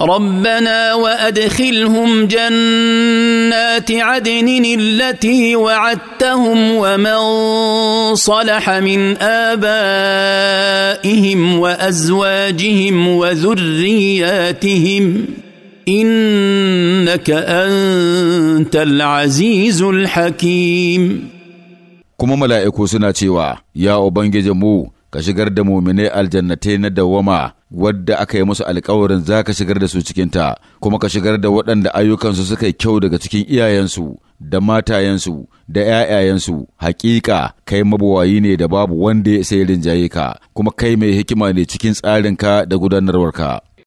ربنا وادخلهم جنات عدن التي وعدتهم ومن صلح من ابائهم وازواجهم وذرياتهم انك انت العزيز الحكيم كما ملايكو سناتي يا ya جمو ka دمو da الجنه aljannatai wadda aka yi musu alkawarin za ka shigar da su cikinta, kuma ka shigar da waɗanda ayyukansu suka yi kyau daga cikin iyayensu, da matayensu, da ‘ya'yayensu, haƙiƙa kai mabuwayi ne da babu wanda ya sai rinjaye ka, kuma kai mai hikima ne cikin tsarinka da gudanarwarka.